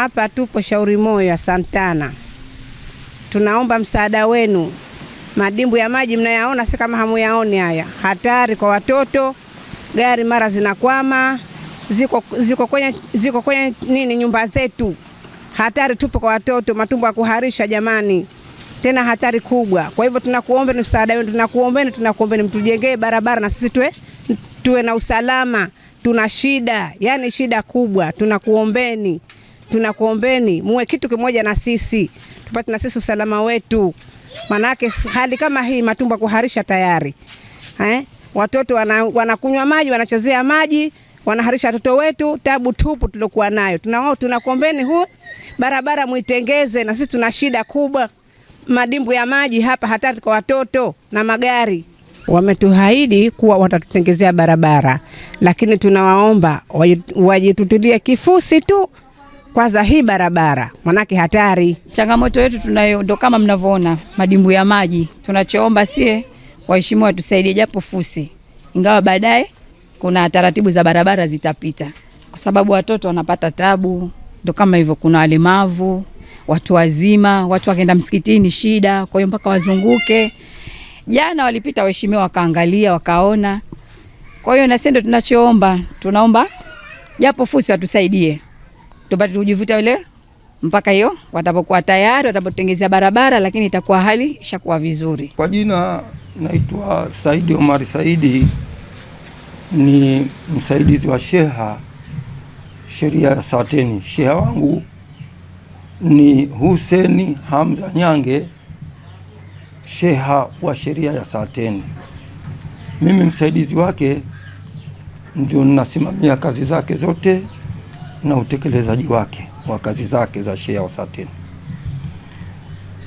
Hapa tupo Shauri Moyo ya Santana, tunaomba msaada wenu. Madimbu ya maji mnayaona, si kama hamuyaoni haya, hatari kwa watoto. Gari mara zinakwama, ziko, ziko kwenye, ziko kwenye nini nyumba zetu, hatari tupo kwa watoto, matumbo ya kuharisha jamani, tena hatari kubwa. Kwa hivyo tunakuombeni msaada wenu, tunakuombeni, tunakuombeni mtujengee barabara na sisi tuwe, tuwe na usalama. Tuna shida, yani shida kubwa, tunakuombeni tunakuombeni muwe kitu kimoja na sisi, tupate na sisi usalama wetu, manake hali kama hii matumbo kuharisha tayari eh? Watoto wanakunywa wana maji, wanachezea maji, wanaharisha watoto wetu, tabu tupu tuliokuwa nayo. Tunao tunakuombeni huu barabara muitengeze, na sisi tuna shida kubwa, madimbu ya maji hapa hatari kwa watoto na magari. Wametuahidi kuwa watatutengezea barabara, lakini tunawaomba wajitutilie kifusi tu kwanza hii barabara manake hatari. Changamoto yetu tunayo ndo kama mnavyoona madimbu ya maji. Tunachoomba sie waheshimiwa watusaidie japo fusi, ingawa baadaye kuna taratibu za barabara zitapita, kwa sababu watoto wanapata tabu, ndo kama hivyo. Kuna walemavu, watu wazima, watu wakenda msikitini shida, kwa hiyo mpaka wazunguke. Jana walipita waheshimiwa, wakaangalia, wakaona. Kwa hiyo na sisi ndo tunachoomba, tunaomba japo fusi watusaidie tupate kujivuta ile mpaka hiyo watapokuwa tayari, watapotengezea barabara, lakini itakuwa hali ishakuwa vizuri. Kwa jina naitwa Saidi Omari Saidi, ni msaidizi wa sheha sheria ya Sateni. Sheha wangu ni Huseni Hamza Nyange, sheha wa sheria ya Sateni. Mimi msaidizi wake ndio ninasimamia kazi zake zote na utekelezaji wake wa kazi zake za Shia Wasatin.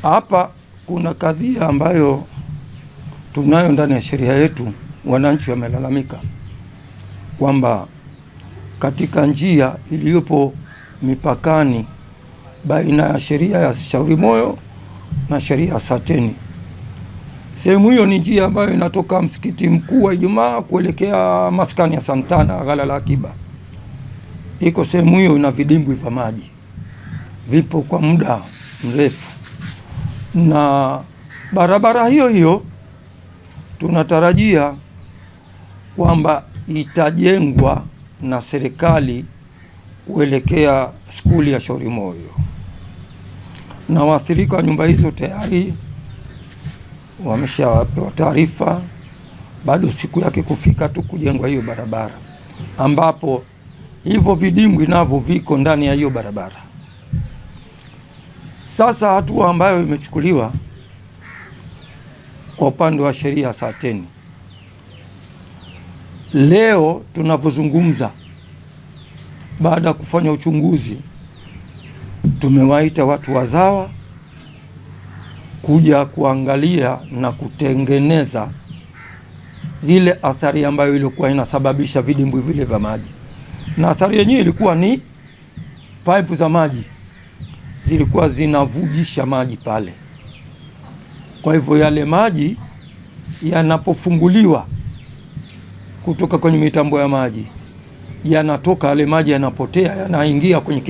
Hapa kuna kadhia ambayo tunayo ndani ya sheria yetu. Wananchi wamelalamika kwamba katika njia iliyopo mipakani baina ya sheria ya Shauri Moyo na sheria ya Sateni, sehemu hiyo ni njia ambayo inatoka msikiti mkuu wa Ijumaa kuelekea maskani ya Santana Ghala la Akiba iko sehemu hiyo ina vidimbwi vya maji, vipo kwa muda mrefu, na barabara hiyo hiyo tunatarajia kwamba itajengwa na serikali kuelekea skuli ya Shauri Moyo, na waathirika wa nyumba hizo tayari wameshapewa taarifa. Bado siku yake kufika tu kujengwa hiyo barabara ambapo hivyo vidimbwi navyo viko ndani ya hiyo barabara. Sasa hatua ambayo imechukuliwa kwa upande wa sheria sateni, leo tunavyozungumza, baada ya kufanya uchunguzi, tumewaita watu wazawa kuja kuangalia na kutengeneza zile athari ambayo ilikuwa inasababisha vidimbwi vile vya maji na athari yenyewe ilikuwa ni pipe za maji zilikuwa zinavujisha maji pale. Kwa hivyo yale maji yanapofunguliwa kutoka kwenye mitambo ya maji yanatoka yale maji yanapotea, yanaingia kwenye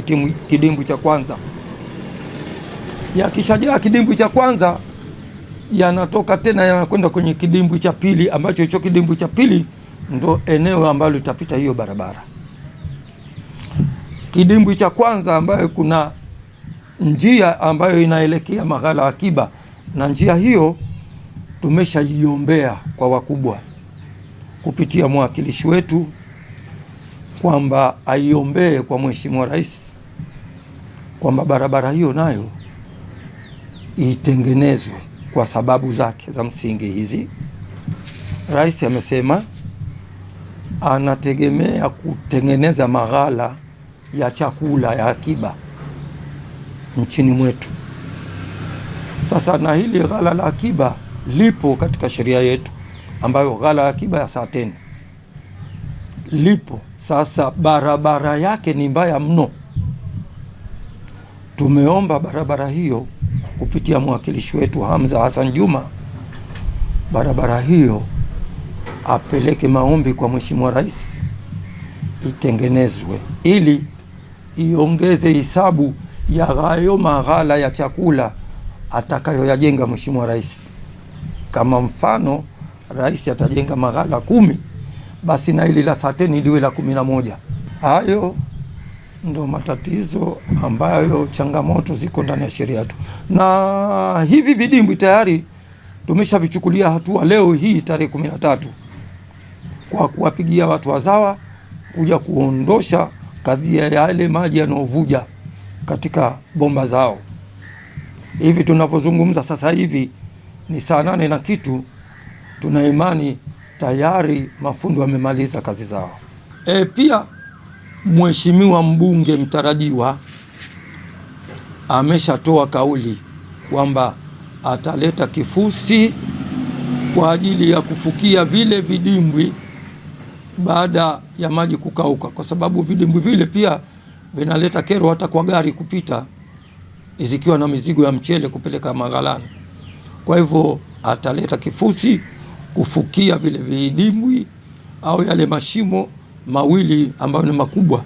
kidimbwi cha kwanza. Yakishajaa kidimbwi cha kwanza, yanatoka tena yanakwenda kwenye kidimbwi cha pili, ambacho hicho kidimbwi cha pili ndo eneo ambalo itapita hiyo barabara. Kidimbwi cha kwanza ambayo kuna njia ambayo inaelekea maghala akiba, na njia hiyo tumeshaiombea kwa wakubwa kupitia mwakilishi wetu kwamba aiombee kwa Mheshimiwa Rais kwamba barabara hiyo nayo itengenezwe kwa sababu zake za msingi hizi. Rais amesema anategemea kutengeneza maghala ya chakula ya akiba nchini mwetu. Sasa na hili ghala la akiba lipo katika sheria yetu, ambayo ghala la akiba ya saa tena lipo. Sasa barabara yake ni mbaya mno. Tumeomba barabara hiyo kupitia mwakilishi wetu Hamza Hassan Juma, barabara hiyo apeleke maombi kwa Mheshimiwa Rais itengenezwe ili iongeze hisabu ya hayo maghala ya chakula atakayoyajenga Mheshimiwa Rais. Kama mfano rais atajenga maghala kumi, basi na hili la sateni liwe la kumi na moja. Hayo ndo matatizo ambayo changamoto ziko ndani ya sheria yetu, na hivi vidimbwi tayari tumeshavichukulia hatua leo hii tarehe kumi na tatu kwa kuwapigia watu wazawa kuja kuondosha kadhia ya yale maji yanayovuja katika bomba zao. Hivi tunavyozungumza sasa hivi ni saa nane na kitu, tuna imani tayari mafundi wamemaliza kazi zao. E, pia mheshimiwa mbunge mtarajiwa ameshatoa kauli kwamba ataleta kifusi kwa ajili ya kufukia vile vidimbwi baada ya maji kukauka, kwa sababu vidimbwi vile pia vinaleta kero hata kwa gari kupita zikiwa na mizigo ya mchele kupeleka maghalani. Kwa hivyo ataleta kifusi kufukia vile vidimbwi au yale mashimo mawili ambayo ni makubwa.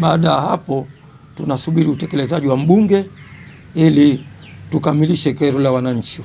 Baada ya hapo, tunasubiri utekelezaji wa mbunge ili tukamilishe kero la wananchi.